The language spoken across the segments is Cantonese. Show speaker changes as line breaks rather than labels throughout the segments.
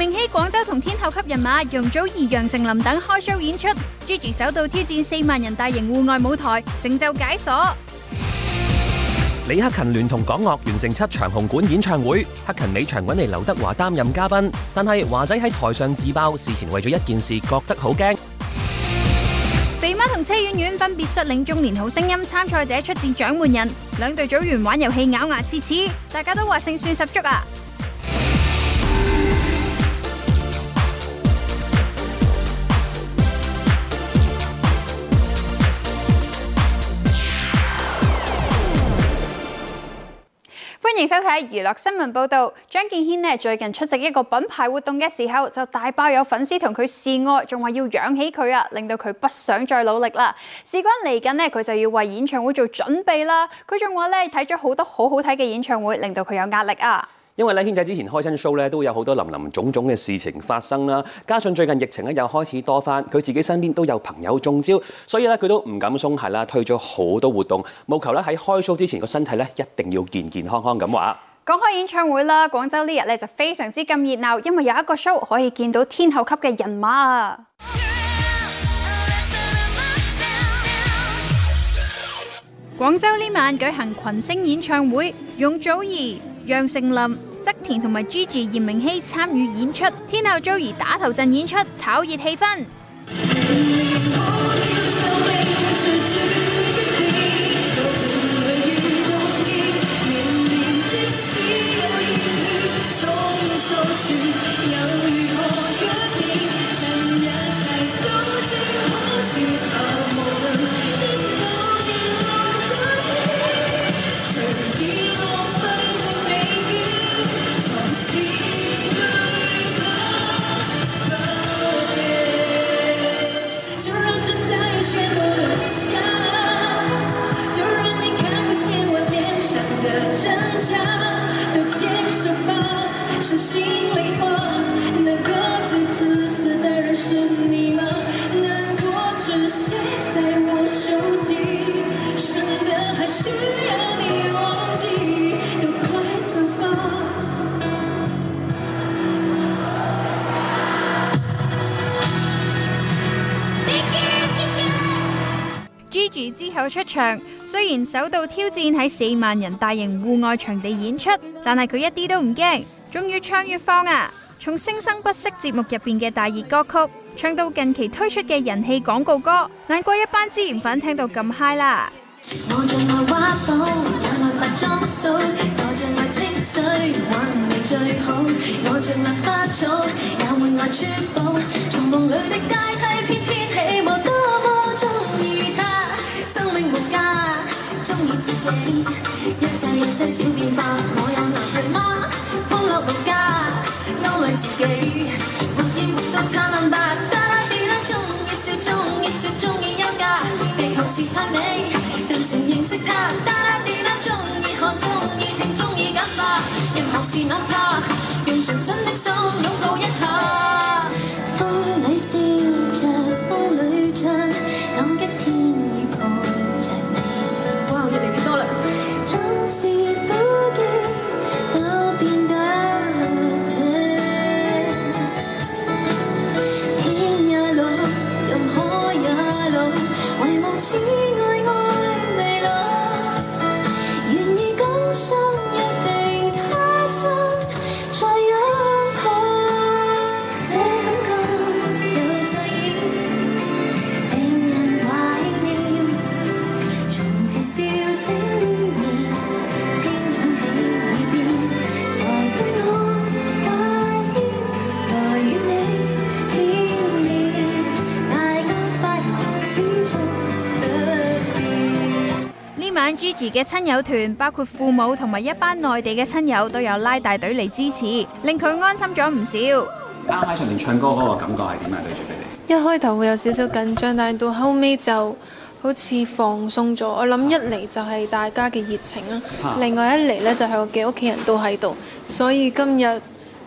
明熙廣州同天後級人馬容祖兒、楊丞琳等開 show 演出，Gigi 首度挑戰四萬人大型戶外舞台，成就解鎖。
李克勤聯同港樂完成七場紅館演唱會，克勤尾場搵嚟劉德華擔任嘉賓，但係華仔喺台上自爆，事前為咗一件事覺得好驚。
肥媽同車婉婉分別率領中年好聲音參賽者出戰獎門人，兩隊組員玩遊戲咬牙切齒，大家都話勝算十足啊！歡迎收睇娛樂新聞報道。張敬軒咧最近出席一個品牌活動嘅時候，就大爆有粉絲同佢示愛，仲話要養起佢啊，令到佢不想再努力啦。事關嚟緊咧，佢就要為演唱會做準備啦。佢仲話咧睇咗好多好好睇嘅演唱會，令到佢有壓力啊。
因為咧，軒仔之前開新 show 咧，都有好多林林種種嘅事情發生啦。加上最近疫情咧又開始多翻，佢自己身邊都有朋友中招，所以咧佢都唔敢鬆懈啦，推咗好多活動，務求咧喺開 show 之前個身體咧一定要健健康康咁話。
講開演唱會啦，廣州呢日咧就非常之咁熱鬧，因為有一個 show 可以見到天后級嘅人馬啊！廣州呢晚舉行群星演唱會，容祖兒、楊丞琳。側田同埋 Gigi 炎明熹參與演出，天后 Joey 打頭陣演出，炒熱氣氛。Gigi 之後出場，雖然首度挑戰喺四萬人大型戶外場地演出，但係佢一啲都唔驚。終於唱粵方啊！從《聲生不息》節目入邊嘅大熱歌曲，唱到近期推出嘅人氣廣告歌，難怪一班資源粉聽到咁 high 啦！ 嘅親友團包括父母同埋一班內地嘅親友都有拉大隊嚟支持，令佢安心咗唔少。啱啱上嚟唱
歌個感覺係點啊？對住佢哋，
一開頭會有少少緊張，但係到後尾就好似放鬆咗。我諗一嚟就係大家嘅熱情啦，另外一嚟呢就係我嘅屋企人都喺度，所以今日。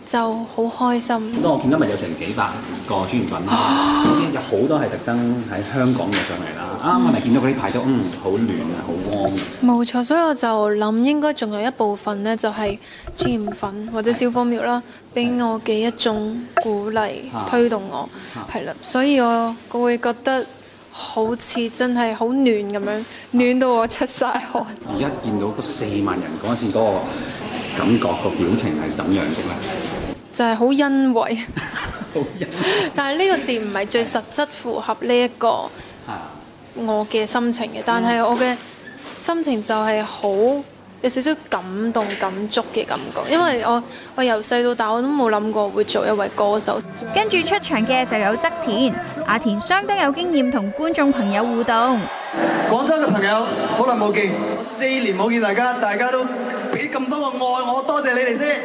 就好開心。好多，哦、我見到咪有成
幾百個專員粉，啊、有好多係特登喺香港嘅上嚟啦。啊、嗯，我咪見到嗰啲牌都嗯好暖啊，好 warm。
冇錯，所以我就諗應該仲有一部分呢，就係專員粉或者消防苗啦，俾我嘅一種鼓勵推動我，係啦，啊啊，所以我會覺得好似真係好暖咁樣，暖到我出晒汗。
而家見到嗰四萬人嗰陣時嗰，那個感覺個表情係怎樣嘅咧？
就係好欣慰，但係呢個字唔係最實質符合呢一個我嘅心情嘅。但係我嘅心情就係好有少少感動感觸嘅感覺，因為我我由細到大我都冇諗過會做一位歌手。跟住出場嘅就有側田，阿田相當有經驗同觀眾朋友互動。
廣州嘅朋友好耐冇見，我四年冇見大家，大家都俾咁多個愛，我多謝你哋
先。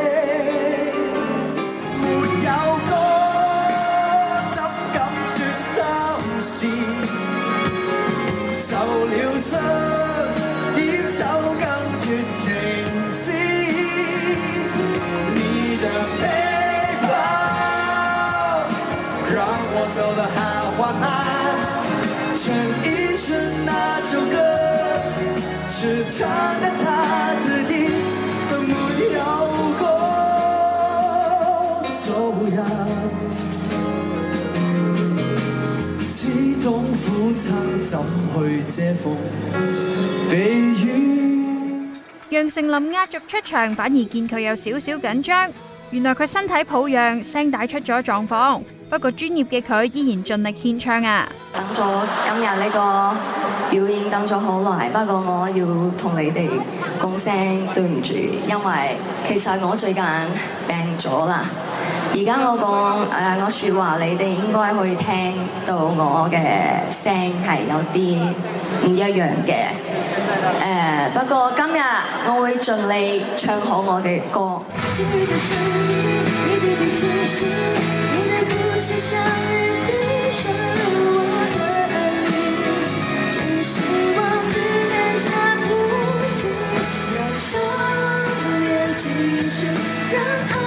怎去遮
風避雨
楊丞琳壓軸出場，反而見佢有少少緊張。原來佢身體抱恙，聲帶出咗狀況。不過專業嘅佢依然盡力獻唱啊！等咗今日呢個表演等咗好
耐，不過我要同你哋講聲對唔住，因為其實我最近病咗啦。.而家我講誒、呃，我説話你哋應該可以聽到我嘅聲係有啲唔一樣嘅，誒、呃、不過今日我會盡力唱好我嘅
歌。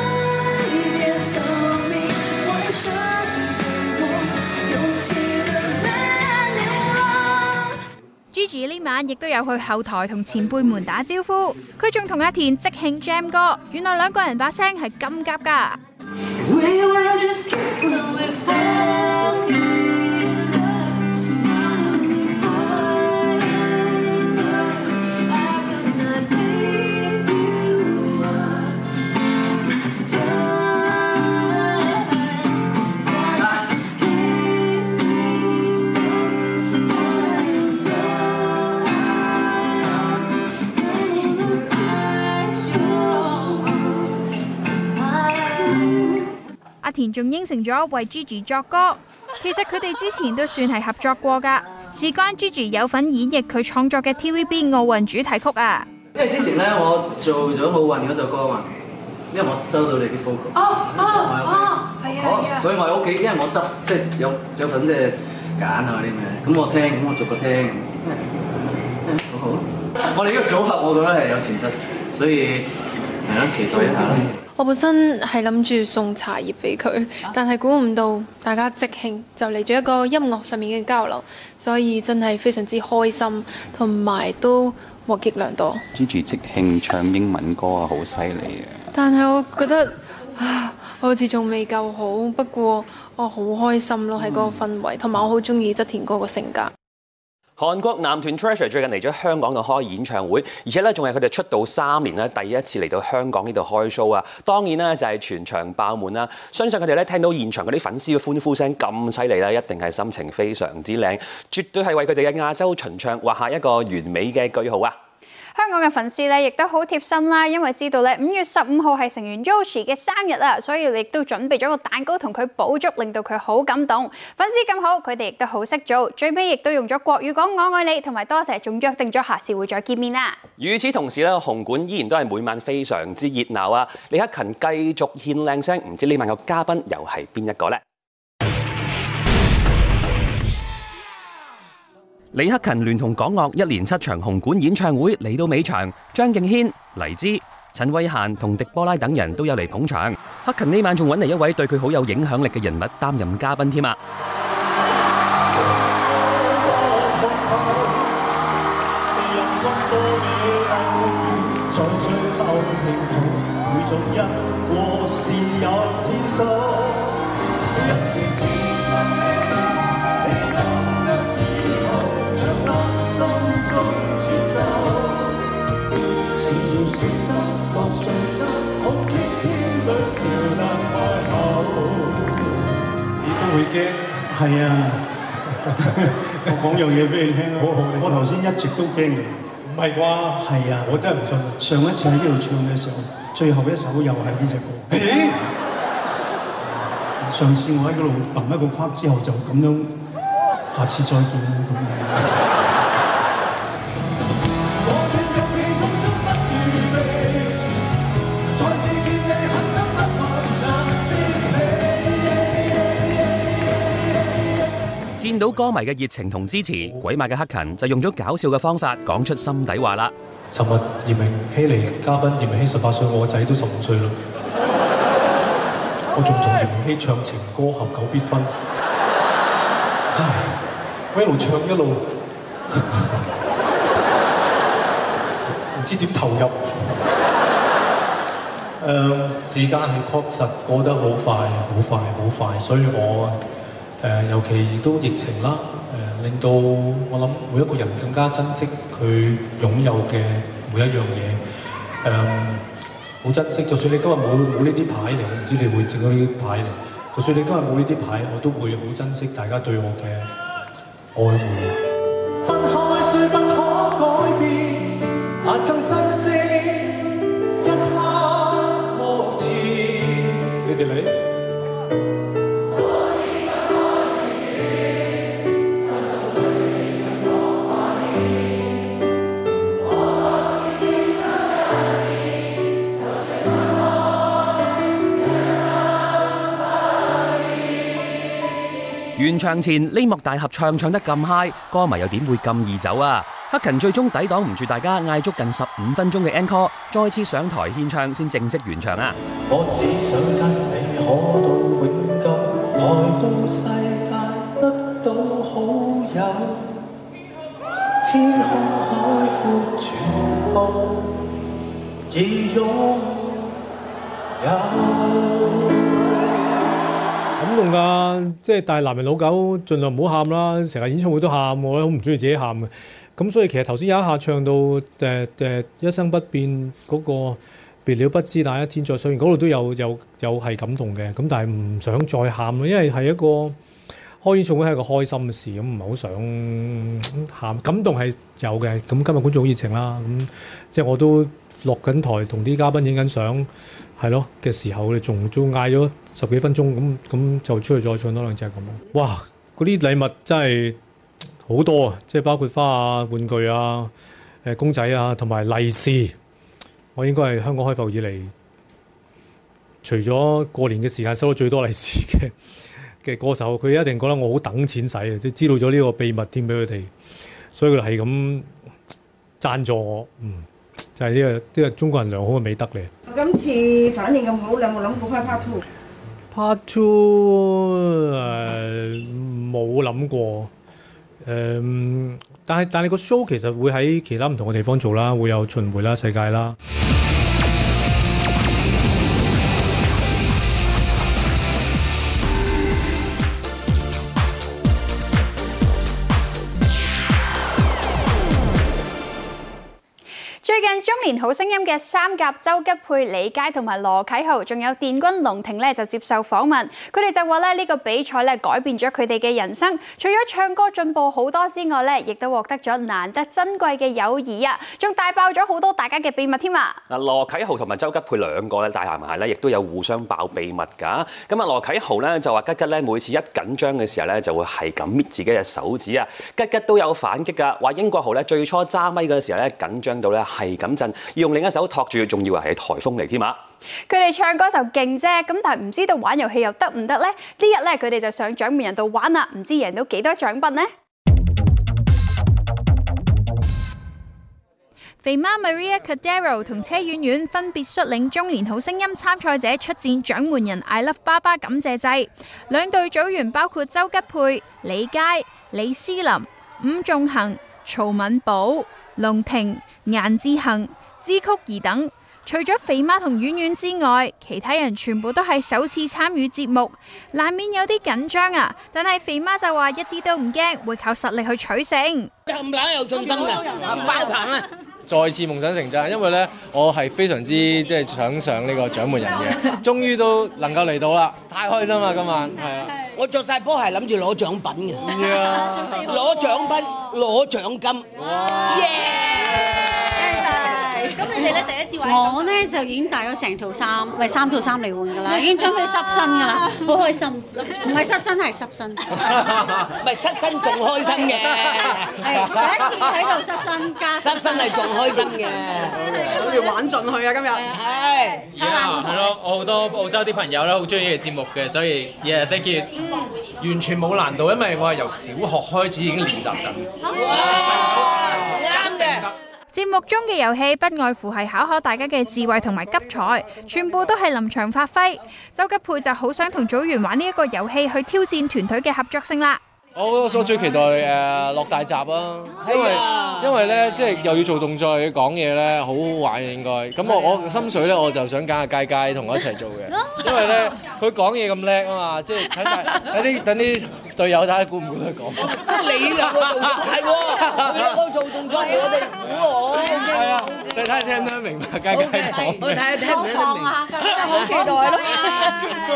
Gigi 呢
晚亦都有去後台同前輩們打招呼，佢仲同阿田即興 Jam 歌，原來兩個人把聲係咁夾㗎。田仲應承咗為 Gigi 作歌，其實佢哋之前都算係合作過噶。事關 Gigi 有份演繹佢創作嘅 TVB 奧運主題曲啊，因
為之前咧我做咗奧運嗰首歌
嘛，因為我收到你啲報告，哦哦，係啊，所
以我喺屋企，因為我執即係有有份即係揀啊嗰啲咩，咁我聽，咁我逐個聽，Yeah. 好好。我哋呢個組合，我覺得係有潛質，所以係啊，yeah, 期待一
下。
我本身係諗住送茶葉俾佢，但係估唔到大家即興就嚟咗一個音樂上面嘅交流，所以真係非常之開心，同埋都獲益良多。
Gigi 即興唱英文歌啊，好犀利
啊！但係我覺得我好似仲未夠好，不過我好開心咯，喺個氛圍，同埋、嗯、我好中意側田哥個性格。
韓國男團 TREASURE 最近嚟咗香港度開演唱會，而且咧仲係佢哋出道三年第一次嚟到香港呢度開 show 啊！當然啦，就係全場爆滿啦！相信佢哋咧聽到現場嗰啲粉絲嘅歡呼聲咁犀利咧，一定係心情非常之靚，絕對係為佢哋嘅亞洲巡唱畫下一個完美嘅句號啊！
香港嘅粉絲咧，亦都好貼心啦，因為知道咧，五月十五號係成員 Yoshi 嘅生日啊，所以亦都準備咗個蛋糕同佢補足，令到佢好感動。粉絲咁好，佢哋亦都好識做，最尾亦都用咗國語講，我愛你，同埋多謝，仲約定咗下次會再見面啦。
與此同時咧，紅館依然都係每晚非常之熱鬧啊！李克勤繼續獻靚聲，唔知呢晚嘅嘉賓又係邊一個呢？李克勤聯同港樂一連七場紅館演唱會嚟到尾場，張敬軒、黎姿、陳慧嫻同迪波拉等人，都有嚟捧場。克勤呢晚仲搵嚟一位對佢好有影響力嘅人物擔任嘉賓添啊！
會驚？係啊， 我講樣嘢俾你聽啦，好好，我頭先一直都驚你，唔係啩？係啊，我真係唔信。上一次喺呢度唱嘅時候，最後一首又係呢隻歌。 上次我喺嗰度揼一個框之後，就咁樣，下次再見咁樣。
見到歌迷嘅熱情同支持，鬼馬嘅黑勤就用咗搞笑嘅方法講出心底話啦。
尋日葉明希嚟嘉賓，葉明希十八歲，我個仔都十五歲啦。 我仲同葉明希唱情歌，合久必分。唉，我一路唱一路唔 知點投入。誒， uh, 時間係確實過得好快，好快，好快，所以我。Uh, 尤其亦都疫情啦，令到我諗，每一個人更加珍惜佢擁有嘅每一樣嘢，好珍惜。就算你今日冇冇呢啲牌嚟，我唔知你會整到呢啲牌嚟，就算你今日冇呢啲牌，我都會好珍惜大家對我嘅愛護。
分開雖不可改變，更珍惜一刻目前，你哋嚟 uh,
完場前，呢幕大合唱唱得咁嗨，歌迷又點會咁易走啊？黑勤最終抵擋唔住大家嗌足近十五分鐘嘅 encore，再次上台獻唱先正式完場啊！
我只想跟你可到永久，來到
世界得到好友，天空
海闊全部已擁有。感動㗎，即係大男人老狗盡量唔好喊啦，成日演唱會都喊，我咧好唔中意自己喊嘅。咁所以其實頭先有一下唱到誒誒一生不變嗰個別了不知哪一天再相遇嗰度都有有有係感動嘅，咁但係唔想再喊咯，因為係一個。開演唱會係一個開心嘅事，咁唔係好想喊，感動係有嘅。咁今日觀眾好熱情啦，咁即係我都落緊台，同啲嘉賓影緊相，係咯嘅時候，你仲都嗌咗十幾分鐘，咁咁就出去再唱多兩隻咁。哇！嗰啲禮物真係好多啊，即係包括花啊、玩具啊、誒公仔啊，同埋利是。我應該係香港開埠以嚟，除咗過年嘅時間，收到最多利是嘅嘅歌手，佢一定覺得我好等錢使啊！即係知道咗呢個秘密添俾佢哋，所以佢就係咁贊助我。嗯，就係呢個呢個中國人良好嘅美德嚟。我
今
次反應咁好，你有冇諗過開 part two？part two 誒冇諗過。誒，但係但係個 show 其實會喺其他唔同嘅地方做啦，會有巡迴啦、世界啦。
《中年好聲音》嘅三甲周吉佩、李佳同埋羅啟豪，仲有電軍龍庭咧，就接受訪問，佢哋就話咧呢個比賽咧改變咗佢哋嘅人生，除咗唱歌進步好多之外咧，亦都獲得咗難得珍貴嘅友誼啊，仲大爆咗好多大家嘅秘密添
啊！啊羅啟豪同埋周吉佩兩個咧大男孩咧，亦都有互相爆秘密噶、啊。咁啊羅啟豪咧就話吉吉咧每次一緊張嘅時候咧就會係咁搣自己嘅手指啊，吉吉都有反擊噶。話英國豪咧最初揸咪嗰陣時候咧緊張到咧係咁震。用另一手托住，仲以為係台風嚟添啊！
佢哋唱歌就勁啫，咁但係唔知道玩遊戲又得唔得呢？呢日咧佢哋就上獎門人度玩啦，唔知贏到幾多獎品呢？肥媽 Maria Cadero 同車婉婉分別率領中年好聲音參賽者出戰獎門人 I Love 爸爸感謝祭，兩隊組員包括周吉佩、李佳、李思琳、伍仲恒、曹敏寶、龍庭、顏志恒。芝曲兒等，除咗肥媽同婉婉之外，其他人全部都係首次參與節目，難免有啲緊張啊！但係肥媽就話一啲都唔驚，會靠實力去取勝。
咁硬有信心
噶，爆棚啊！
再次夢想成真，因為呢我係非常之即係想上呢個獎門人嘅，終於都能夠嚟到啦，太開心啦，今晚係
啊！我著晒波鞋諗住攞獎品嘅，攞獎品，攞獎金。
咁你哋咧第一次玩，我咧就
已經帶咗成套衫，咪三套衫嚟換噶啦，已經將佢濕身噶啦，好開心，唔係濕身係濕身，唔係濕身仲開心嘅，第一次喺度
濕身加濕身係仲開心嘅，好似玩
盡佢啊今日，係，係咯，我好多澳洲啲朋友咧好中意呢個節目嘅，所以 year day 結完全冇
難度，因為我係由小學開始已經練習緊，
啱嘅。節目中嘅遊戲不外乎係考考大家嘅智慧同埋急才，全部都係臨場發揮。周吉佩就好想同組員玩呢一個遊戲去挑戰團隊嘅合作
性啦。我我最期待誒落大集啊，因為因為咧即係又要做動作，要講嘢咧，好好玩應該。咁我我心水咧，我就想揀阿佳佳同我一齊做嘅，因為咧佢講嘢咁叻啊嘛，即係睇睇啲等啲隊友睇下估唔估得講。即係你兩個，我
做動作，我做動作，我哋估
喎。係啊，你睇下聽啦，明白佳佳講嘅。我
睇下聽唔睇得明啊，真係好期待咯。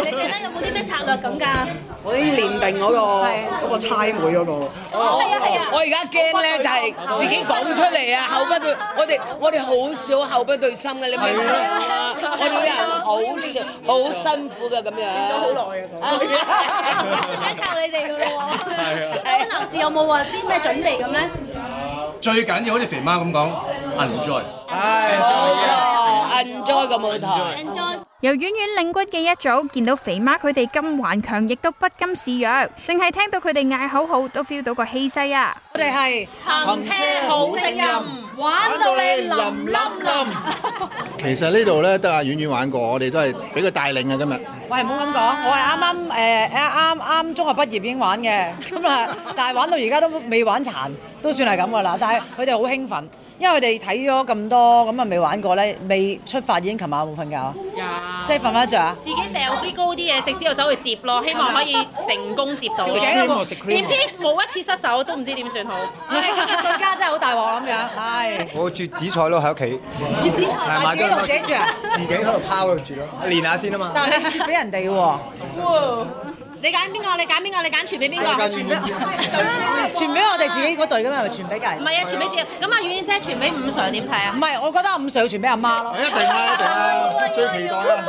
你哋咧有冇啲咩策略咁㗎？我已經
練定嗰個。係。
派妹嗰個，我我而家驚咧就係自己講出嚟
啊，口不對，我哋我哋好少口不對心嘅，你明唔明啊？我哋人
好少，
好辛苦嘅咁樣。做咗好耐
啊，做。最緊靠你哋噶啦喎。係啊。啲男士有冇話
啲咩準備咁咧？最緊要好似肥媽咁講，enjoy。係。做啊，enjoy 個舞台。enjoy。
由婉婉領軍嘅一組,見到肥媽佢哋咁頑強,亦都不甘示弱,淨係聽到佢哋嗌口號,都 feel 到個氣勢啊。我哋係
行車好聲音,玩到你冧
冧冧。
其實呢度咧,得阿婉婉玩過,我哋都係俾佢帶領啊今日。
喂,唔好咁講,我係啱啱,呃,啱啱中學畢業已經玩
嘅,咁啊,但係玩到而家都未玩殘,都算係咁㗎啦。但係佢哋好興奮。因為我哋睇咗咁多，咁啊未玩過咧，未出發已經琴晚冇瞓覺，即
係瞓翻着。啊！
自己掟啲高啲嘢食，之後走去接咯，希望可以成功接到。點知冇一次失手，都唔知點算好。我哋到家真係好大鑊咁樣。唉，
我住紫菜咯，喺屋企。住紫菜，自己同自己住啊！自己喺度拋佢住
咯，練下先啊嘛。但係俾人哋喎。
你揀邊個？你揀邊個？你揀傳俾邊個？傳俾傳俾我哋自己嗰隊㗎咩？唔係傳俾繼？唔係啊，傳俾子。咁阿婉婉姐傳俾五常點睇啊？唔係、嗯，我覺得五常傳俾阿媽咯、 啊。一定啦、啊，一
定啦，最期待啦、啊！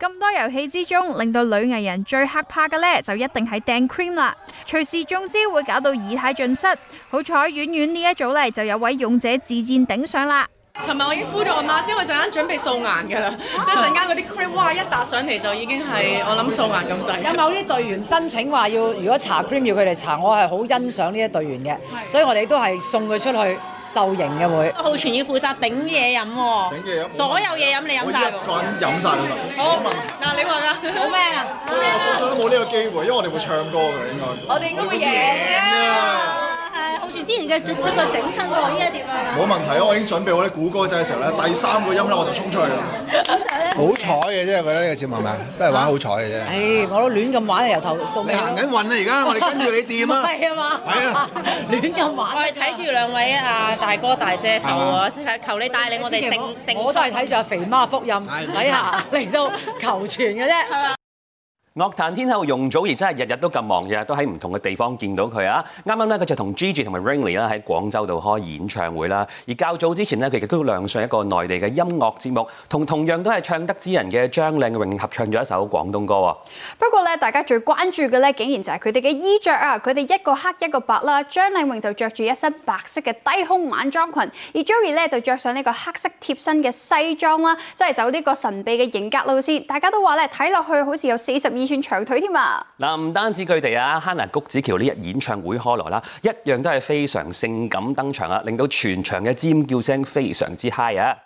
咁 多遊戲之中，令到女藝人最嚇怕嘅咧，就一定係掟 cream 啦，隨時中招會搞到儀態盡失。好彩婉婉呢一組咧，就有位勇者自薦頂上啦。
尋日我已經敷咗阿媽先，我陣間準備素顏噶啦，即係陣間嗰啲，cream，哇一搭上嚟，就已經係我諗素顏咁滯。有冇
啲隊員申請話要，如果搽 cream 要佢哋搽，我係好欣賞呢啲隊員嘅，所以我哋都係送佢出去受
刑嘅會。浩
全要負責頂嘢飲喎，頂嘢
飲，所
有嘢飲你飲
晒。
我一個人飲晒佢。
好，嗱你話啦，冇咩啦。我實在
都冇呢個機會，因為我哋會唱歌嘅應該。
我哋應該會贏。套住之前嘅，即佢整親喎，依家點啊？冇
問題咯，我已經準備好啲古歌仔嘅時候咧，第三個音咧我就衝出去。好好彩嘅啫，佢咧呢個節目係咪？都係玩好彩嘅啫。誒，我都亂咁玩，由頭到尾行緊運啊！而家我哋跟住你掂啊！係啊，嘛！
亂咁玩。我係睇住兩位啊大哥大姐頭啊，求你帶領我哋勝。我都係睇住阿肥媽福音底下
嚟到求全嘅啫。
樂壇天后容祖兒真係日日都咁忙，日日都喺唔同嘅地方見到佢啊！啱啱咧佢就同 Gigi 同埋 Rainie 啦喺廣州度開演唱會啦。而較早之前呢，佢亦都亮相一個內地嘅音樂節目，同同樣都係唱得之人嘅張靚穎合唱咗一首廣東歌喎。
不過咧，大家最關注嘅咧，竟然就係佢哋嘅衣着啊！佢哋一個黑一個白啦，張靚穎就着住一身白色嘅低胸晚裝裙，而 Joey 咧就着上呢個黑色貼身嘅西裝啦，即係走呢個神秘嘅型格路線。大家都話咧，睇落去好似有四十二。以穿長腿添啊！
嗱，唔單止佢哋啊，Hanna 谷子喬呢日演唱會開鑼啦，Holo，一樣都係非常性感登場啊，令到全場嘅尖叫聲非常之嗨啊！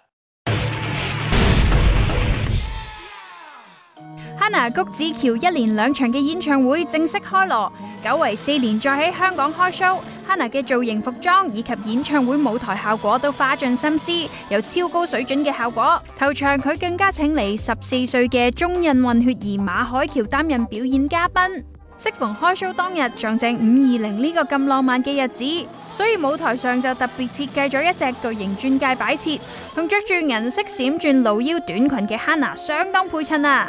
Hana 菊梓喬一連兩場嘅演唱會正式開鑼，久違四年再喺香港開 show。Hana 嘅造型、服裝以及演唱會舞台效果都花盡心思，有超高水準嘅效果。頭場佢更加請嚟十四歲嘅中印混血兒馬海喬擔任表演嘉賓。適逢開 show 當日，象徵五二零呢個咁浪漫嘅日子，所以舞台上就特別設計咗一隻巨型鑽戒擺設，同着住銀色閃鑽露腰短裙嘅 Hana 相當配襯啊！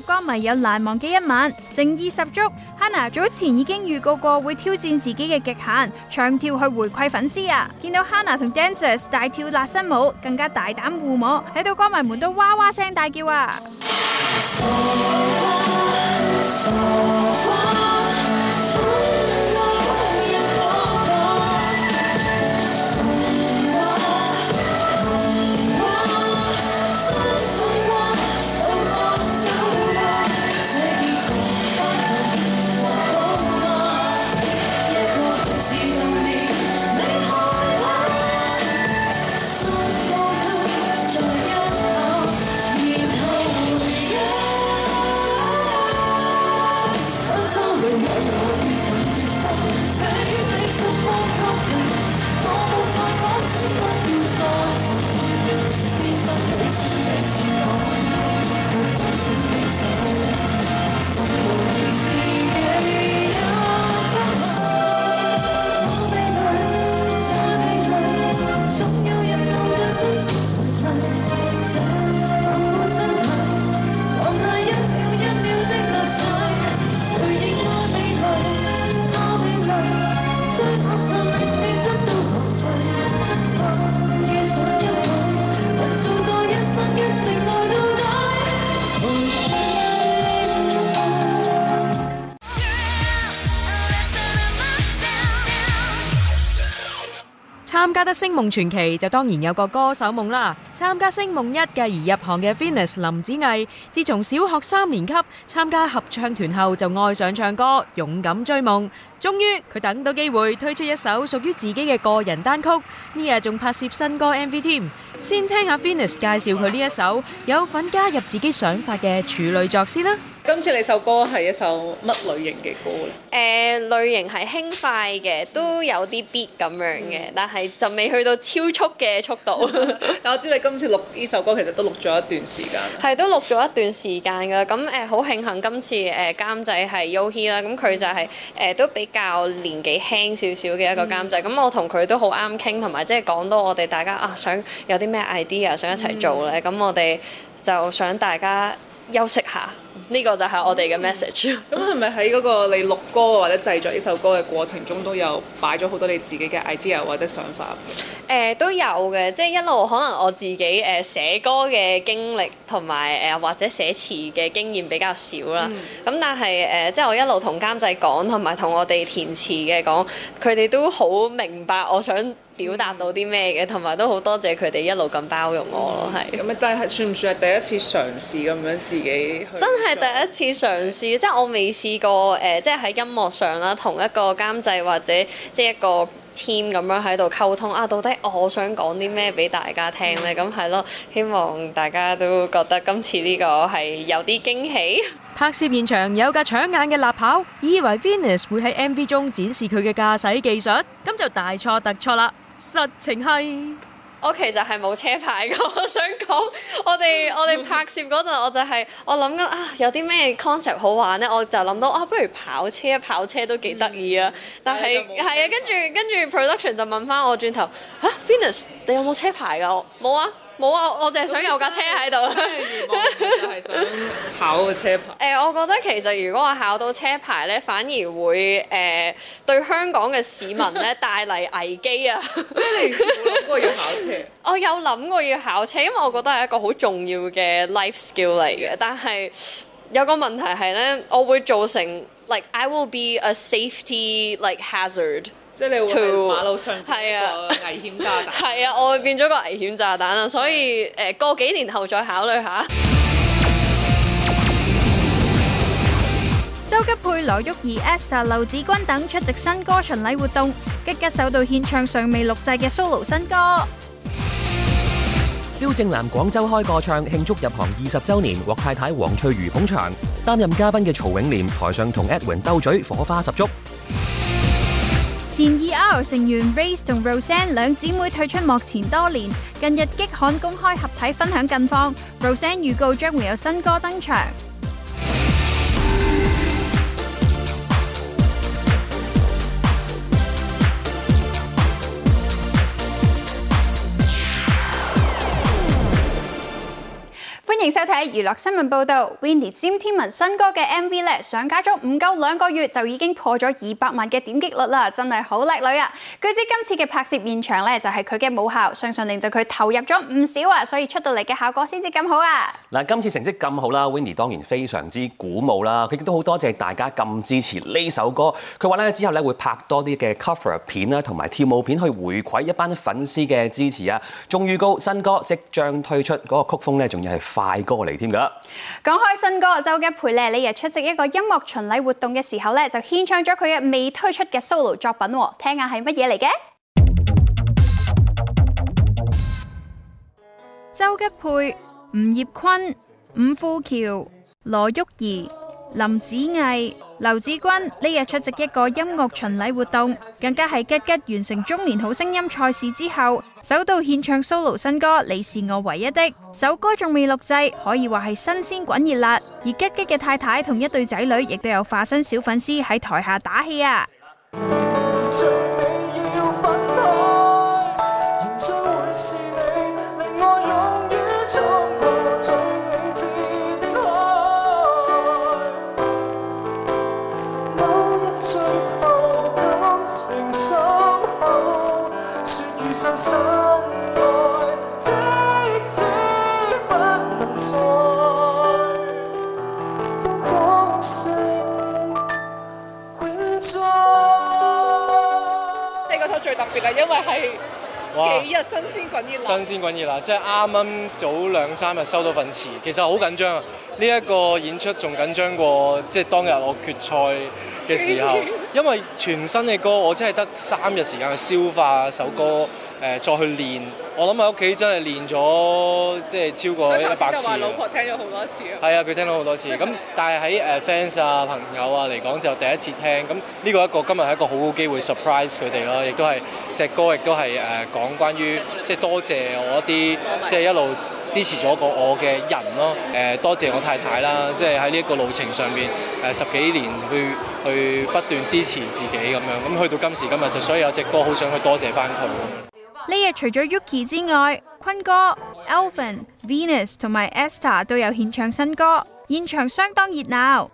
歌迷有難忘嘅一晚，誠意十足。Hannah 早前已經預告過會挑戰自己嘅極限，唱跳去回饋粉絲啊！見到 Hannah 同 Dancers 大跳辣身舞，更加大膽互摸，睇到歌迷們都哇哇聲大叫啊！
加得星夢傳奇就當然有個歌手夢啦。參加星夢一繼而入行嘅 Venus 林子毅，自從小學三年級參加合唱團後就愛上唱歌，勇敢追夢。終於佢等到機會推出一首屬於自己嘅個人單曲，呢日仲拍攝新歌 MV 添。先聽下 Venus 介紹佢呢一首有份加入自己想法嘅處女作先啦。
今次你首歌係一首乜類型嘅歌咧？誒，類型係輕快嘅，都有啲 beat 咁樣嘅，但係就未去到超速嘅速度。但係我知你今次錄呢首歌其實都錄咗一段時間。係都錄咗一段時間㗎。咁誒，好慶幸今次誒監製係 Yuki 啦。咁佢就係誒都比較年紀輕少少嘅一個監製。咁我同佢都好啱傾，同埋即係講到我哋大家啊，想有啲咩 idea 想一齊做咧。咁我哋就想大家。休息下，呢、這個就係我哋嘅 message。咁係咪喺嗰個你錄歌或者製作呢首歌嘅過程中，都有擺咗好多你自己嘅 idea 或者想法？誒、呃、都有嘅，即係一路可能我自己誒、呃、寫歌嘅經歷同埋誒或者寫詞嘅經驗比較少啦。咁、嗯、但係誒、呃、即係我一路同監製講同埋同我哋填詞嘅講，佢哋都好明白我想。表達到啲咩嘅，同埋都好多謝佢哋一路咁包容我咯，係。咁但係算唔算係第一次嘗試咁樣自己去？真係第一次嘗試，的即係我未試過誒、呃，即係喺音樂上啦，同一個監製或者即係一個 team 咁樣喺度溝通啊，到底我想講啲咩俾大家聽咧？咁係咯，嗯、希望大家都覺得今次呢個係有啲驚
喜。拍攝現場有架搶眼嘅靚跑，以為 Venus 會喺 MV 中展示佢嘅駕駛技術，咁就大錯特錯啦！實情係，我其實係冇車牌㗎。我想講，我哋我哋拍攝嗰陣，
我就係、是、我諗緊啊，有啲咩 concept 好玩呢？我就諗到啊，不如跑車，跑車都幾得意啊。嗯、但係係啊，跟住跟住 production 就問翻我轉頭啊 Venus 你有冇車牌㗎？冇啊。冇啊！我淨係想有架車喺度。真係、就係、想考個車牌。誒、 呃，我覺得其實如果我考到車牌咧，反而會誒、呃、對香港嘅市民咧帶嚟危機啊！ 即係你冇
諗過要考車？
我有諗過要考車，因為我覺得係一個好重要嘅 life skill 嚟嘅。但係有個問題係咧，我會造成 like I will be a safety like hazard。即係你會喺馬路上變啊，危險炸彈，係是啊， 啊，我會變咗個危險炸彈啊！所以誒，過幾、啊、年後再考慮下。
周吉佩、羅毓兒、Esther 劉子君等出席新歌巡禮活動，吉吉首度獻唱尚未錄製嘅 solo 新歌。
蕭正楠廣州開個唱慶祝入行二十週年，獲太太黃翠如捧場，擔任嘉賓嘅曹永廉台上同 Edwin 鬥嘴，火花十足。
前 2R 成員 Race 同 Rosanne 兩姊妹退出幕前多年，近日激罕公開合體分享近況。Rosanne 預告將會有新歌登場。請收睇娛樂新聞報道 Winnie 詹天文新歌嘅 MV 咧上架咗唔夠兩個月就已經破咗二百萬嘅點擊率啦，真係好叻女啊！據知今次嘅拍攝現場咧就係佢嘅母校，相信令到佢投入咗唔少啊，所以出到嚟嘅效果先至咁好啊！
嗱，今次成績咁好啦 Winnie 當然非常之鼓舞啦，亦都好多謝大家咁支持呢首歌。佢話咧之後咧會拍多啲嘅 cover 片啦，同埋跳舞片去回饋一班粉絲嘅支持啊！仲預告新歌即將推出，嗰個曲風咧仲要係快。大哥嚟添噶！
講開新歌，周吉佩呢日出席一個音樂巡禮活動嘅時候呢，就獻唱咗佢嘅未推出嘅 solo 作品喎，聽下係乜嘢嚟嘅？周吉佩、吳業坤、伍富橋、羅毓儀、林子毅、劉子君呢日出席一個音樂巡禮活動，更加係吉吉完成《中年好聲音》賽事之後。首度獻唱 solo 新歌《你是我唯一的》，首歌仲未錄製，可以話係新鮮滾熱辣。而吉吉嘅太太同一對仔女亦都有化身小粉絲喺台下打
氣啊！
係
因為係幾日
新鮮滾熱辣，新鮮
滾熱辣，即係啱啱早兩三日收到份詞，其實好緊張啊！呢、呢、一個演出仲緊張過，即係當日我決賽嘅時候， 因為全新嘅歌，我真係得三日時間去消化首歌。 誒再去練，我諗喺屋企真係練咗即係超過一百次。所以佢就話老婆
聽咗好多次啊。
係啊，佢聽咗好多次。咁 但係喺誒 fans 啊、朋友啊嚟講就第一次聽。咁、這、呢個一個今日係一個好好機會 surprise 佢哋咯。亦都係隻歌，亦都係誒講關於即係多謝我一啲 即係一路支持咗我我嘅人咯。誒 多謝我太太啦，即係喺呢一個路程上面，誒十幾年去去不斷支持自己咁樣。咁去到今時今日就所以有隻歌好想去多謝返佢。
呢日除咗
Yuki 之外，坤哥、Elvin、Venus 同埋 Esther 都有獻唱新歌，現場相當熱鬧。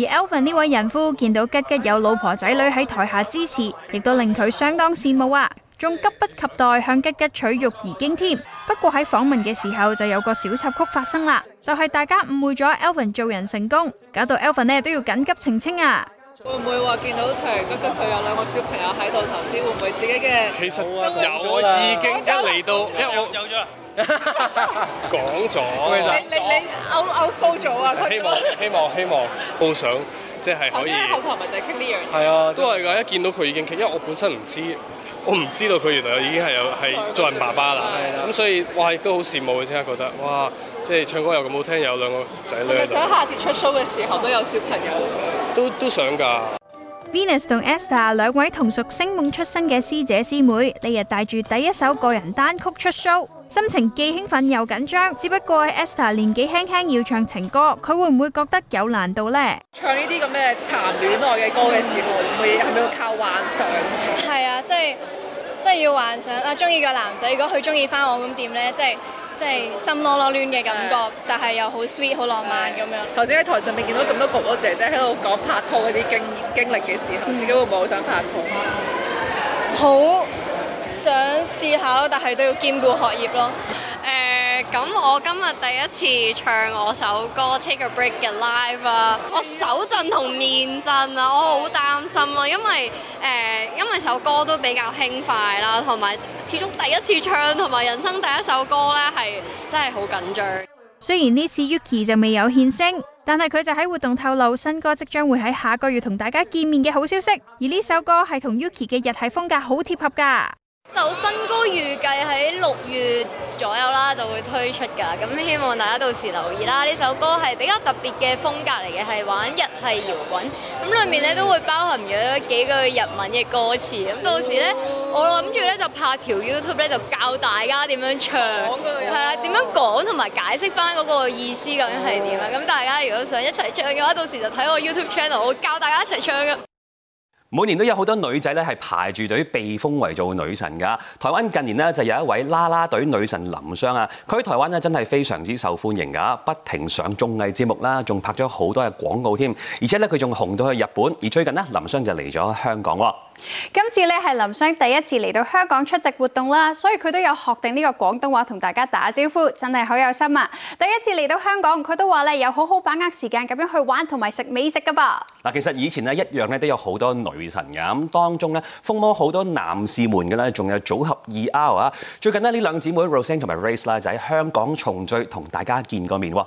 而 Elvin 呢位人夫見到吉吉有老婆仔女喺台下支持，亦都令佢相當羨慕啊！仲急不及待向吉吉取育兒經添。不過喺訪問嘅時候就有個小插曲發生啦，就係、是、大家誤會咗 Elvin 做人成功，搞到 Elvin 呢都要緊急澄清啊！
會
唔會話見到佢？畢竟佢有兩個
小朋友喺度。頭先會唔會自己嘅？其實有，已經
一嚟到，啦，因為我走咗，講咗。你你你 out out photo 咗啊佢？希望
希望希望報想，即係可以。我啱好同埋就傾
呢
樣
嘢。係啊，就是、都係噶，一見到佢已經傾，因為我本身唔知。我唔知道佢原來已經係有係做人爸爸啦，咁的的、嗯、所以哇亦都好羨慕先覺得，哇即係、就是、唱歌又咁好聽，有兩個仔女。係咪想下次出
show 嘅時
候都有小朋友？都都
想㗎。Venus 同 Esther 兩位同屬星夢出身嘅師姐師妹，呢日帶住第一首個人單曲出 show。心情既興奮又緊張，只不過 Esther 年紀輕輕要唱情歌，佢會唔會覺得有難度呢？
唱呢啲咁嘅談戀愛嘅歌嘅時候，會唔會喺度靠幻想？係啊，即係即係要幻想啊！中意個男仔，如果佢中意返我，咁點呢？即係即係心囉囉攣嘅感覺，的但係又好 sweet、好浪漫咁樣。頭先喺台上面見到咁多哥哥姐姐喺度講拍拖嗰啲經經歷嘅時候，嗯、自己會唔會好想拍拖？好。想試下但係都要兼顧學業咯。誒，咁我今日第一次唱我首歌《Take a Break》嘅 live 啊，我手震同面震啊，我好擔心啊，因為誒，uh，因為首歌都比較輕快啦，同埋始終第一次唱同埋人生第一首歌咧，係真係好緊張。
雖然呢次 Yuki 就未有獻聲，但係佢就喺活動透露新歌即將會喺下個月同大家見面嘅好消息，而呢首歌係同 Yuki 嘅日系風格好貼合㗎。
就新歌預計喺六月左右啦，就會推出噶啦。咁希望大家到時留意啦。呢首歌係比較特別嘅風格嚟嘅，係玩日系搖滾。咁裏面咧都會包含咗幾句日文嘅歌詞。咁到時咧，我諗住咧就拍條 YouTube 咧，就教大家點樣唱，係的啦，點樣講同埋解釋返嗰個意思究竟係點啊。咁、哦、大家如果想一齊唱嘅話，到時就睇我 YouTube channel，我教大家一齊唱噶。
每年都有好多女仔係排住隊被封為做女神㗎。台灣近年咧就有一位啦啦隊女神林湘啊，佢喺台灣真係非常之受歡迎㗎，不停上綜藝節目啦，仲拍咗好多嘅廣告添，而且咧佢仲紅到去日本，而最近咧林湘就嚟咗香港喎。
今次咧係林襄第一次嚟到香港出席活動啦，所以佢都有學定呢個廣東話同大家打招呼，真係好有心啊！第一次嚟到香港，佢都話咧有好好把握時間咁樣去玩同埋食美食噶噃。
嗱，其實以前咧一樣咧都有好多女神噶，咁當中咧風魔好多男士們嘅啦，仲有組合 2R 啊，最近呢，呢兩姊妹 Rosanne 同埋 Race 啦就喺香港重聚同大家見過面喎。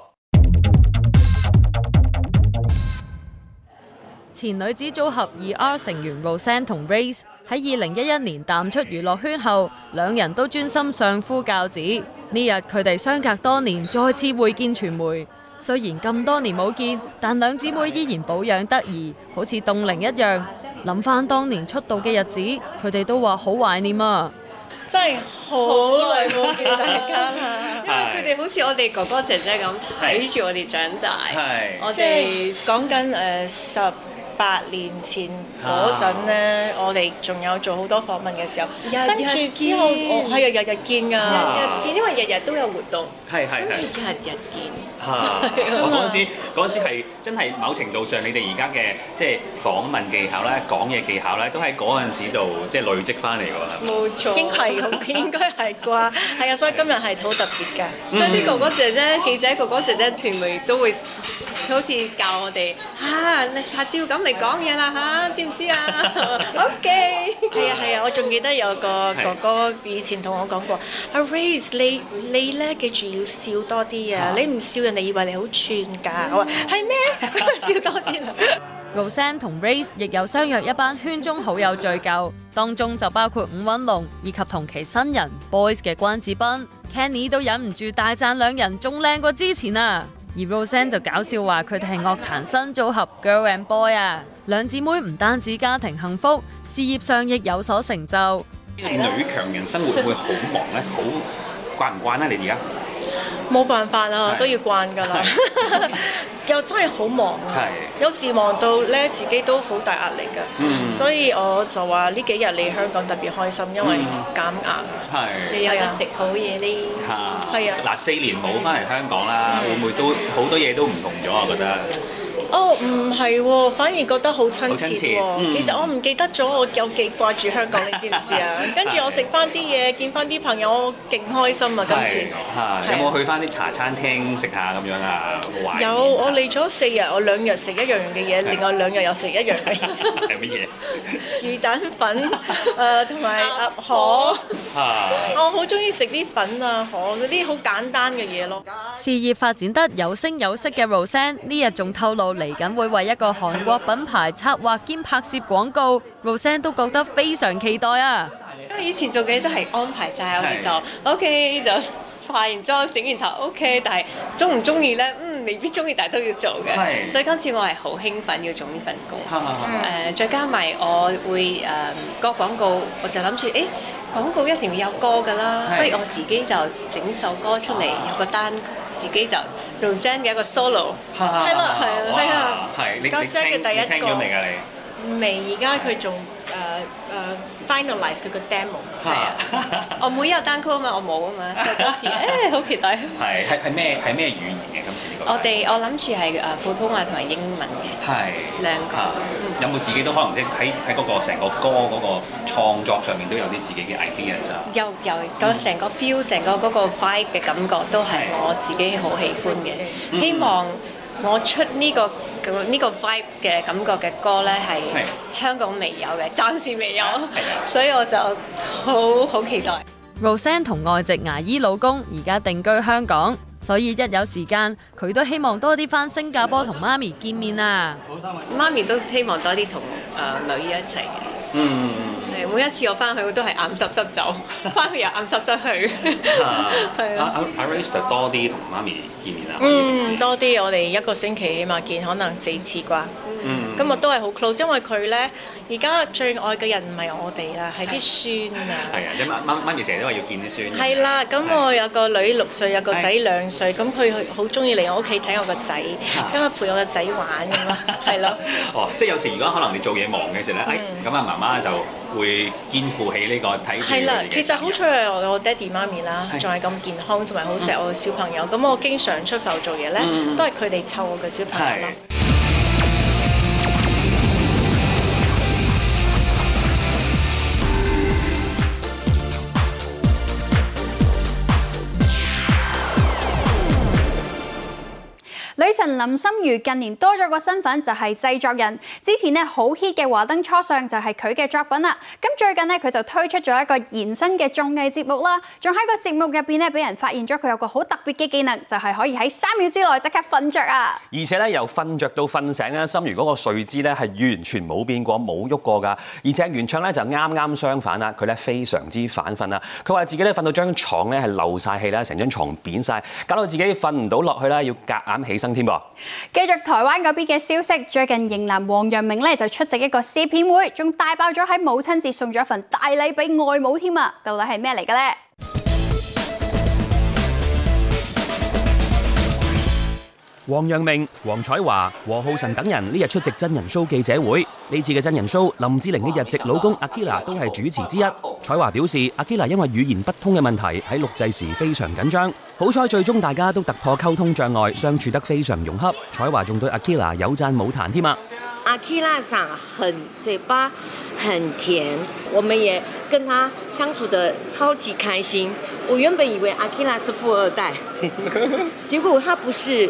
前女子組合 2R 成員 Rosanne 同 Race 喺二零一一年淡出娛樂圈後，兩人都專心相夫教子。呢日佢哋相隔多年再次會見傳媒，雖然咁多年冇見，但兩姊妹依然保養得宜，好似凍齡一樣。諗翻當年出道嘅日子，佢哋都話好懷念啊！真係好耐冇見大家
啦， 因為
佢哋
好似我哋哥哥姐姐咁睇住我哋長大。
係是，我哋
講緊誒、uh, 十。八年前嗰陣咧，啊、我哋仲有做好多訪問嘅時候，日日跟住之後，係、哦、啊日日日見㗎、啊，日
日見，因為日日都有活動，
係係、啊、真
係日日見。
嚇！我嗰陣時，嗰陣時係真係某程度上，你哋而家嘅即係訪問技巧咧、講嘢技巧咧，都喺嗰陣時度即係累積翻嚟㗎嘛。冇
錯，應係，應該係啩？係啊，
所以今日係好特別㗎。即係啲哥哥姐姐、記者哥哥姐姐、傳媒都會，佢好似教我哋嚇，你拍照咁嚟講嘢啦嚇，知唔知啊？OK。
係啊係啊，我仲記得有個哥哥以前同我講過，阿 Ray，你你咧記住要笑多啲啊！你唔笑人。你以為
你好串㗎？嗯、我話係咩？嗎笑多啲啦。Roseanne 同 Raze 亦有相約一班圈中好友聚舊， 當中就包括伍允龍以及同期新人 Boys 嘅關子斌。Kenny 都忍唔住大讚兩人仲靚過之前啊！而 Roseanne 就搞笑話佢哋係樂壇新組合 Girl and Boy 啊！兩姊妹唔單止家庭幸福，事業上亦有所成就。嗎女強
人生活會忙呢 好忙咧？好慣唔慣咧？你哋而家？
冇辦法啦，的都要慣㗎啦，
又 真係好忙，啊，的有時忙到咧自己都好大壓力㗎，嗯、所以我就話呢幾日嚟香港特別開心，因為減壓，嗯、
你有食
好嘢咧？
係啊，嗱四年冇翻嚟香港啦，的會唔會都好多嘢都唔同咗的我覺得。
哦，唔係喎，反而覺得好親切喎。其實我唔記得咗，我有幾掛住香港，你知唔知啊？跟住我食翻啲嘢，見翻啲朋友，我勁開心啊！今次
吓有冇去翻啲茶餐廳食下咁樣啊？有，
我嚟咗四日，我兩日食一樣嘅嘢，另外兩日又食一樣嘅
嘢，係
乜嘢？魚蛋粉誒，同埋鴨河。嚇！我好中意食啲粉啊，河嗰啲好簡單嘅嘢咯。
事業發展得有聲有色嘅 r o 羅生呢日仲透露。嚟緊會為一個韓國品牌策劃兼拍攝廣告，羅生都覺得非常期待啊！咁以前做嘅嘢都係安排晒，我哋就 OK，
就化完妝整完頭 OK，但係中唔中意咧？嗯，未必中意，但係都要做
嘅。所以今
次我係好興奮要做呢份工。誒，再加埋我會誒個廣告，我就諗住誒廣告一定要有歌噶啦，不如我自己就整首歌出嚟，有個單自己就錄聲嘅一個 solo。係啦，
係啊，係你錄聲嘅第一個。
未，而、uh, uh, 家佢仲誒誒 finalize 佢個 demo。係啊，我妹有單曲啊嘛，我冇啊嘛，即係今次誒，好期待。係
係係咩係咩語言嘅？今次呢個我
哋我諗住係誒普通話同埋英文嘅，係兩個。
有冇自己都可能即係喺喺嗰個成個歌嗰個創作上面都有啲自己嘅 idea 嘅？
又又個成個 feel，成個嗰個 vibe 嘅感覺都係我自己好喜歡嘅。希望我出呢、這個。呢個 vibe 嘅感覺嘅歌呢，係香港未有嘅，暫時未有，
所以我就好好期待。Roseanne 同外籍牙醫老公而家定居香港，所以一有時間佢都希望多啲返新加坡同媽咪見面啊！媽咪、嗯、都希望多啲同誒女一齊嘅。嗯。
每一次我翻去我都係暗濕濕走，翻去又暗濕濕去。
係啊，而家就多啲同媽咪見面啊。啊
嗯，多啲，我哋一個星期起碼見可能四次啩。
嗯，今日都
係好 close，因為佢咧。而家最愛嘅人唔係我哋啦，係啲孫，孫啊！
係啊，因媽媽媽咪成日都話要見啲孫。係
啦，咁我有個女六歲，有個仔兩歲，咁佢好中意嚟我屋企睇我個仔，咁啊陪我個仔玩咁啊，係、嗯、咯。
啊、哦，即係有時如果可能你做嘢忙嘅時候咧，咁、哎、啊媽媽就會肩負起呢個睇住。係啦、啊，其實
好彩我我爹哋媽咪啦，仲係咁健康，同埋好錫我小朋友。咁、嗯嗯、我經常出埠做嘢咧，都係佢哋湊我嘅小
朋友。
女神林心如近年多咗個身份就係製作人，之前咧好 hit 嘅《華燈初上》就係佢嘅作品啦。咁最近呢，佢就推出咗一個延伸嘅綜藝節目啦，仲喺個節目入邊呢，俾人發現咗佢有個好特別嘅技能，就係可以喺三秒之內即刻瞓着啊！
而且咧由瞓着到瞓醒咧，心如嗰個睡姿咧係完全冇變過，冇喐過噶。而且原唱咧就啱啱相反啦，佢咧非常之反瞓啦。佢話自己咧瞓到張床咧係漏晒氣啦，成張床扁晒，搞到自己瞓唔到落去啦，要夾硬起。添噃，繼
續台灣嗰邊嘅消息，最近型男王陽明咧就出席一個試片會，仲大爆咗喺母親節送咗一份大禮俾外母添啊！到底係咩嚟嘅咧？
王楊明、黃彩華、王浩辰等人呢日出席真人 show 記者會。呢次嘅真人 show，林志玲嘅日籍老公 Akira 都係主持之一。彩華表示 Akira 因為語言不通嘅問題喺錄製時非常緊張，好彩最終大家都突破溝通障礙，相處得非常融洽。彩華仲對 Akira 有讚冇彈添啊
Akira 傻，很、啊、嘴巴，很甜，我們也跟他相處得超級開心。我原本以為 Akira 是富二代， 結果他不是。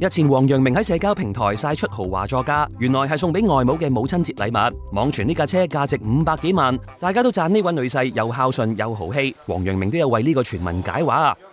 日前黃陽明喺社交平台晒出豪華座駕，原來係送俾外母嘅母親節禮物。網傳呢架車價值五百幾萬，大家都讚呢位女婿又孝順又豪氣。黃陽明都有為呢個傳聞解話。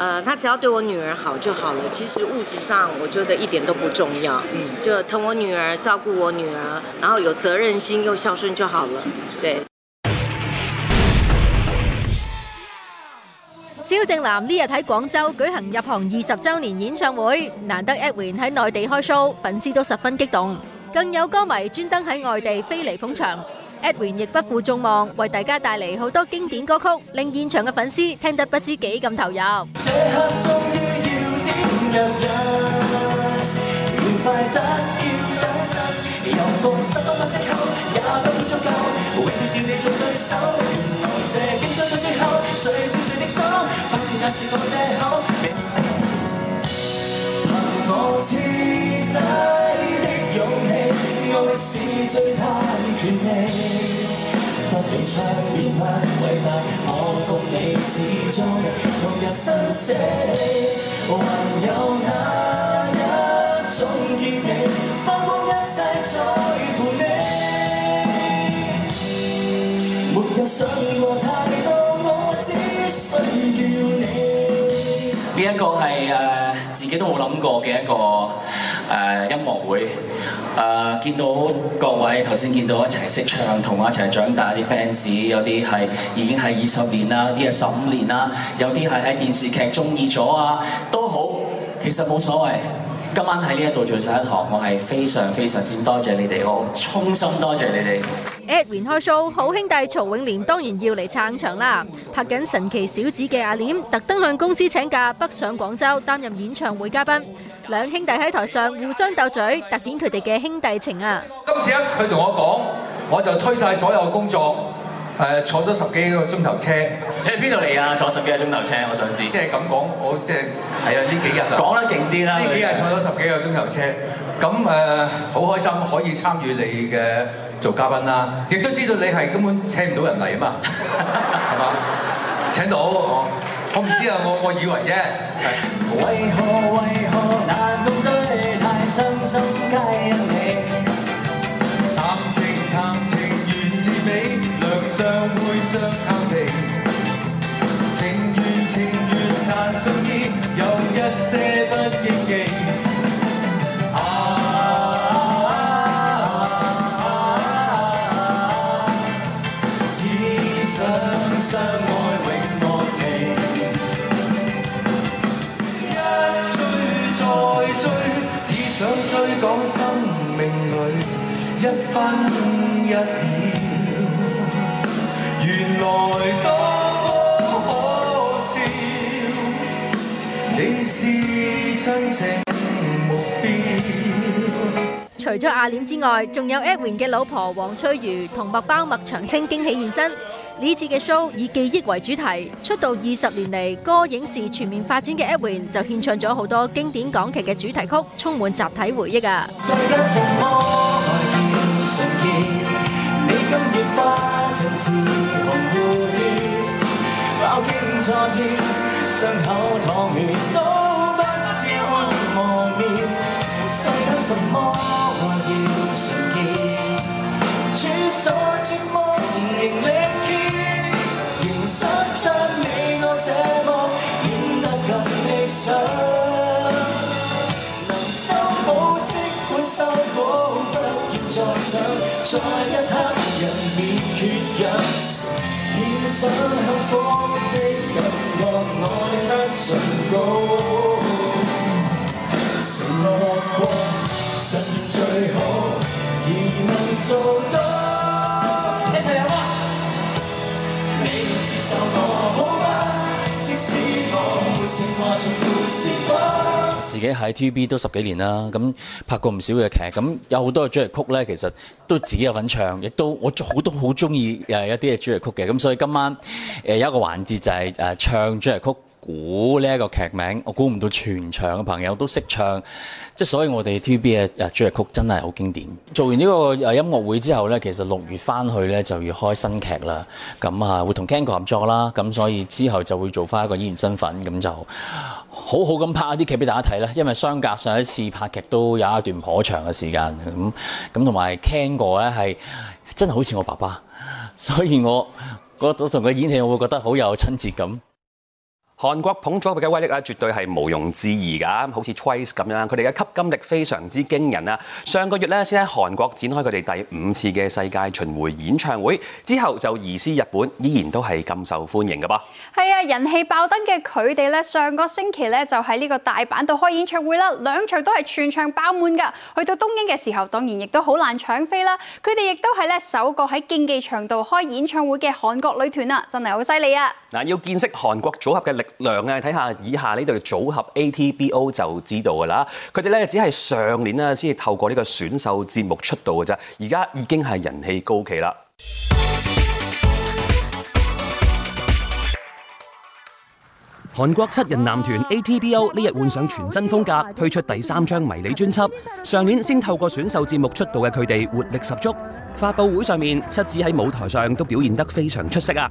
呃，他只要對我女兒好就好了。其實物質上我覺得一點都不重要，嗯、就疼我女兒，照顧我女兒，然後有責任心又孝順就好了。對。
蕭正楠呢日喺廣州舉行入行二十周年演唱會，難得 Edwin 喺內地開 show，粉絲都十分激動，更有歌迷專登喺外地飛嚟捧場。Edwin 亦不負眾望，為大家帶嚟好多經典歌曲，令現場嘅粉絲聽得不知幾咁投入。
最怕權力，不理槍煙不偉大，我共你始終同日生死，還有哪一種結尾，花光一切在乎你。沒有想過太多，我只需要你。
呢一個係誒自己都冇諗過嘅一個。誒、啊、音樂會，誒、啊、見到各位頭先見到一齊識唱同我一齊長大啲 fans，有啲係已經係二十年啦，啲係十五年啦，有啲係喺電視劇中意咗啊，都好，其實冇所謂。今晚喺呢一度做晒一堂，我係非常非常之多謝你哋，我衷心多謝你哋。
Edwin 開 show，好兄弟曹永廉當然要嚟撐場啦。拍緊《神奇小子》嘅阿廉特登向公司請假，北上廣州擔任演唱會嘉賓。兩兄弟喺台上互相鬥嘴，突顯佢哋嘅兄弟情啊！
今次咧，佢同我講，我就推晒所有工作，誒、呃、坐咗十幾個鐘頭車。你
喺邊度嚟啊？坐十幾個鐘頭車，我想知。即係咁講，我即係係啊呢幾日啊，講得勁啲啦。呢幾日坐咗十幾個鐘頭車，咁誒
好開心，可以參與你嘅做嘉賓啦。亦都知道你係根本請唔到人嚟啊嘛，係嘛？ 請到。我我唔知啊，我我，我以為啫
為何為何難共對？太傷心皆因你，談情談情全是你，良
相會相，情願情願有一些不想追趕生
命裏一分一秒，原來多麼可笑。你
是真正目標。除咗阿念之外，仲有 Edwin 嘅老婆黃翠如同麥包麥長青驚喜現身。呢次嘅 show 以記憶為主題，出道二十年嚟，歌影視全面發展嘅 Edwin 就獻唱咗好多經典港劇嘅主題曲，充滿集體回憶啊！
一齊有啦！你接受我好嗎？即使我沒情話從
何時發？自己喺 TVB 都十幾年啦，咁拍過唔少嘅劇，咁有好多嘅主題曲咧，其實都自己有份唱，亦都我好都好中意誒一啲嘅主題曲嘅，咁所以今晚誒、呃、有一個環節就係、是、誒、呃、唱主題曲。呢一、哦這個劇名，我估唔到全場嘅朋友都識唱，即係所以我哋 T V B 嘅誒主題曲真係好經典。做完呢個音樂會之後呢，其實六月翻去呢就要開新劇啦。咁啊會同 Ken 哥合作啦，咁所以之後就會做翻一個演員身份，咁就好好咁拍一啲劇俾大家睇啦。因為相隔上一次拍劇都有一段頗長嘅時間，咁咁同埋 Ken 哥呢係真係好似我爸爸，所以我我我同佢演戲，我會覺得好有親切感。韓國捧組合嘅威力
咧，絕對係毋庸置疑㗎。好似 TWICE 咁樣，佢哋嘅吸金力非常之驚人啊！上個月咧，先喺韓國展開佢哋第五次嘅世界巡迴演唱會，之後就移師日本，依然都係咁受歡迎㗎噃。
係啊，人氣爆燈嘅佢哋咧，上個星期咧就喺呢個大阪度開演唱會啦，兩場都係全場爆滿㗎。去到東京嘅時候，當然亦都好難搶飛啦。佢哋亦都係咧首個喺競技場度開演唱會嘅韓國女團啊，真係好犀利啊！
嗱，要見識韓國組合嘅力。梁嘅睇下以下呢隊組合 ATBO 就知道㗎啦，佢哋咧只係上年咧先至透過呢個選秀節目出道嘅啫，而家已經係人氣高企啦。韓國七人男團 ATBO 呢日換上全新風格，推出第三張迷你專輯。上年先透過選秀節目出道嘅佢哋，活力十足，發布會上面七子喺舞台上都表現得非常出色啊！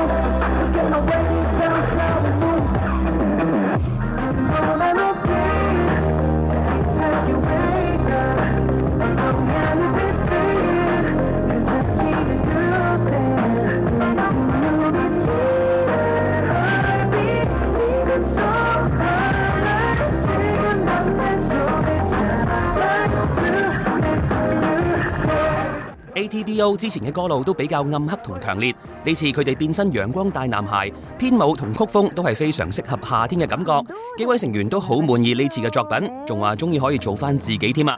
TDO 之前嘅歌路都比較暗黑同強烈，呢次佢哋變身陽光大男孩，編舞同曲風都係非常適合夏天嘅感覺。幾位成員都好滿意呢次嘅作品，仲話終於可以做翻自己添啊！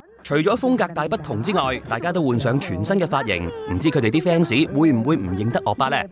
除咗風格大不同之外，大家都換上全新嘅髮型，
唔知佢哋啲 fans 會唔會唔認得歐巴咧？